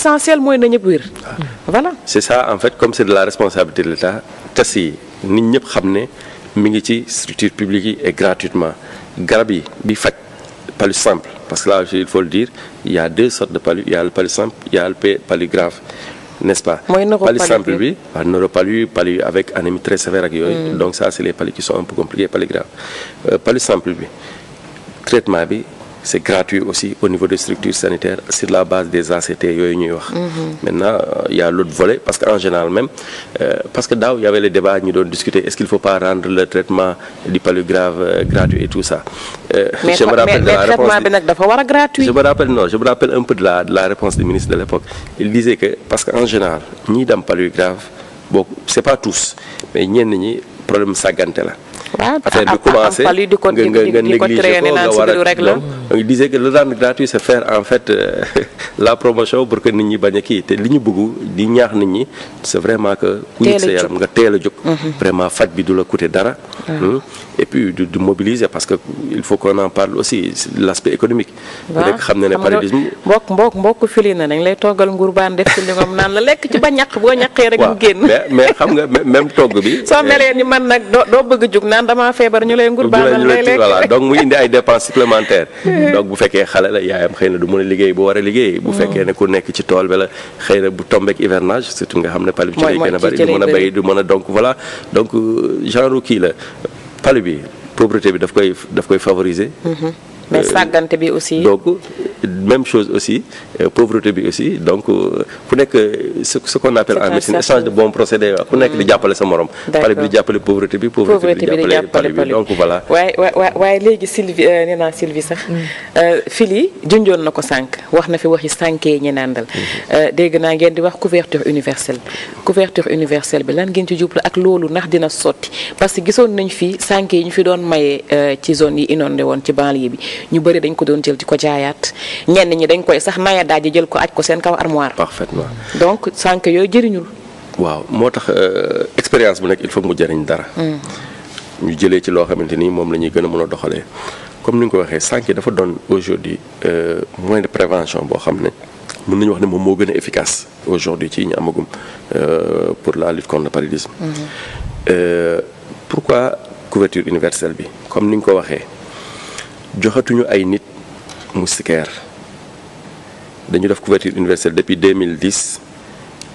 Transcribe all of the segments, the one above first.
essentiel mooy na ñëpp wér. voilà c'est ça en fait comme c'est de la responsabilité de l'État test yi nit ñëpp xam ne mi ngi ci structure publique yi et gratuitement garab yi bi faj palu simple parce que là aussi il faut le dire il deux sortes de palu il y a le palu simple il y a le palu grave n'est-ce pas. palu simple bi waaw neuropalu palu avec anémie très sévère ak yooyu. Mm. donc ça c'est les palus qui sont un peu compliqués palu grave euh, palu simple bi traitement bi. c'est gratuit aussi au niveau des structures sanitaires sur la base des ACT yooyu ñuy wax. Mm-hmm. maintenant euh, y a l'autre volet parce que en général même euh, parce que daaw y avait le débat ñu doon discuter est-ce qu'il faut pas rendre le traitement du palu grave euh, gratuit et tout ça. Euh, mais je me rappelle dafa a gratuit. je me rappelle non je me rappelle un peu de la réponse du ministre de l'époque il disait que parce que en général ñii dem palu grave bon c'est pas tous mais ñenn ñi problème sàggante la. affaire bi commencé nga nga nga war a donc on euh, disait que gratuit c'est faire en fait euh, la promotion pour que nit ñi bañ a kii te li ñu bëgg di ñaax nit ñi c'est vraiment que ku yëg sa yaram nga teel a jóg mhm. vraiment faj bi du la coûter dara Mmh. et puis de, de parce que il faut qu'on en parle aussi l'aspect économique. waaw nekk xam na ne mbokk mbokk mbokk fili na dañ lay toggal ngurbaan def ci li naan la lekk ci ba ñaq boo ñaqee rek. mu génn mais xam nga même togg bi. soo melee ni man nag doo bëgg jug naan damaa feebar ñu lay. ngurbaan lay lekk voilà donc mu indi ay dépenses supplémentaires. donc bu fekkee xale la yaayam xëy na du mën a liggéey bu war a liggéey. bu fekkee ne ku nekk ci tool bi la xëy na bu tombeek hivernage surtout nga xam ne. mooy mooy ci gën a bëri a du mën a donc voilà donc euh, genre kii la xale bi pauvreté bi daf koy daf koy favoriser. Mhm. mais euh, sàggante bi aussi. donc même chose aussi euh, pauvreté bi aussi donc euh, ku nekk ce qu'on appelle en médecine échange de bons procédés waaw ku nekk di jàppale sa morom pali bi di jàppale pauvreté bi pauvreté bi di jàppale bi mm. euh, na ko sànq wax na fi waxi sànkee ñi naan dal mm-hmm. euh, dégg naa ngeen di wax couverture universelle couverture universelle bi lan ngeen ci jublu ak loolu ndax dina sotti parce que gisoon nañ fi sànkee yi ñu fi doon maye euh, ci zone yi inondé woon ci banlieue bi ñu bëri dañ ko doon jël ko jaayaat ñenn ñi dañ koy sax naya daaj jël ko aj ko seen kaw armoire waaw donc sànq yooyu jëriñul. waaw moo tax euh, expérience bu nekk il faut mu jëriñ dara. Hmm. ñu jëlee ci loo xamante ni moom la ñuy gën a mën a doxalee comme ni nga ko waxee sànq dafa doon aujourd'hui euh, moyen de prévention boo xam ne mën nañu wax ne moom moo gën a efficace aujourd'hui ci ñu amagum euh, pour la lutte contre le paludisme. Hmm. pourquoi couverture universelle bi comme ni nga ko waxee joxatuñu ay nit moustiquaire. dañu def couverture universelle depuis 2010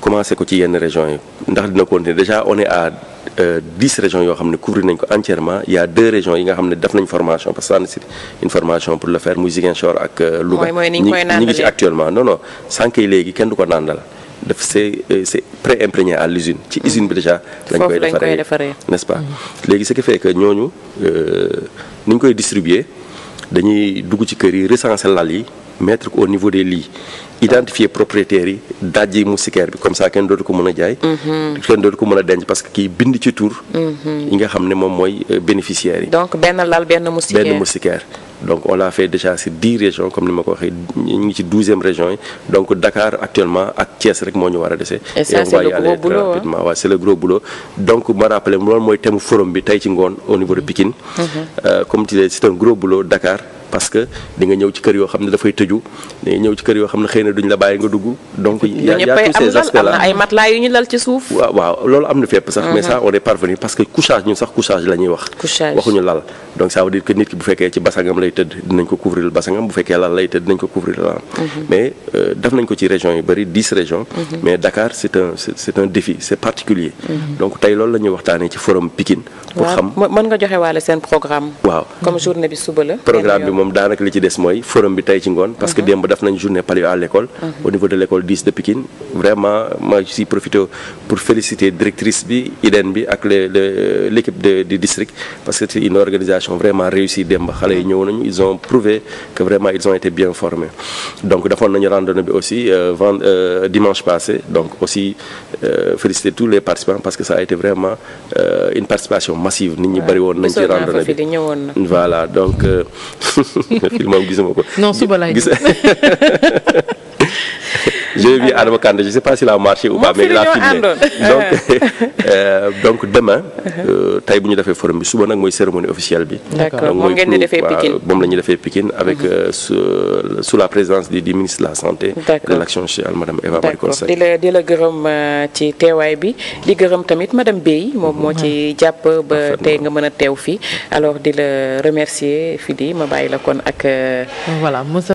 commencé ko ci yenn régions yi ndax dina continuer déjà on est à euh, dix régions yoo xam ne couvrir nañ ko entièrement il a deux régions yi nga xam ne def nañ formation parce que sànni si une formation pour le faire muy Ziguinchor ak euh, Louga ñi ngi ci actuellement non non sànq yi léegi kenn du ko naan dal daf c'est euh, c'est pré-imprégné à l'usine ci mm-hmm. usine bi déjà lañ koy defaree n'est-ce pas mm-hmm. léegi ce qui fait que ñooñu ni ñu koy distribuer dañuy dugg ci kër yi recenser lal yi mettre ko au niveau des lits identifier propriétaires yi dajji moustiquaire bi comme ça kenn dootu ko mën a jaay. Mhm. kenn dootu ko mën a denc parce que kii bind ci tur. Mhm. yi nga xam ne moom mooy euh, bénéficiaires yi. donc benn lal benn moustiquaire benn moustiquaire. donc on l'a fait déjà ci dix régions ni ma ko waxee ñu ngi ci douzième région yi donc Dakar actuellement ak Thiès rek moo ñu war a dese. et ça c'est le gros boulot rapidement waaw c'est le donc ma rappelé loolu mooy thème forum bi tey ci ngoon au niveau de Pikine. Mhm. Euh, comme tu dis c'est un gros boulot Dakar. parce que di ñëw ci kër yoo xam ne dafay tëju di ñëw ci kër yoo xam ne xëy na duñ la bàyyi nga dugg donc yaa yu ñu lal ci suuf waaw loolu am na fépp sax mais mhm. ça on est parce que couchage ñun sax couchage la ñuy wax waxuñu lal donc ça veut dire que nit ki bu fekkee ci basangam lay tëdd dinañ ko couvrir basangam bu fekkee lal lay tëdd dinañ ko couvrir lal mhm. mais euh, def mhm. c'est un défi c'est particulier donc tey loolu la waxtaanee moom daanaka li ci des mooy forum bi tey ci ngoon. parce que mhm. démb daf nañ journée palio à l'école mhm. au niveau de l' école 10 de Pikine vraiment ma si profité pour féliciter directrice bi IDEN bi ak les l' équipe de du district. parce que c' est une organisation vraiment réussie démb xale yi ñëw nañu ils ont prouvé que vraiment ils ont été bien formés donc defoon nañu randonnée bi aussi euh, euh, dimanche passé donc euh, féliciter tous les participants parce que ça a été vraiment une film am gisuma ko. non suba laay gis. j'ai vu Adama Kandé je sais pas s'il a marché ou pas mais il a filmé euh, donc demain euh, tey bu ñu defee forum bi suba nag mooy cérémonie officielle bi donc moom ngeen di defee Pikine moom la ñuy defee Pikine avec mhm. euh, sous la présidence du du ministre de la santé et de l'action sociale madame Eva di la gërëm ci teewaay bi di gërëm tamit madame Bey moom moo ci mhm. jàpp ba tey nga mën a teew fii alors di la remercier Fidi ma bàyyi la kon ak voilà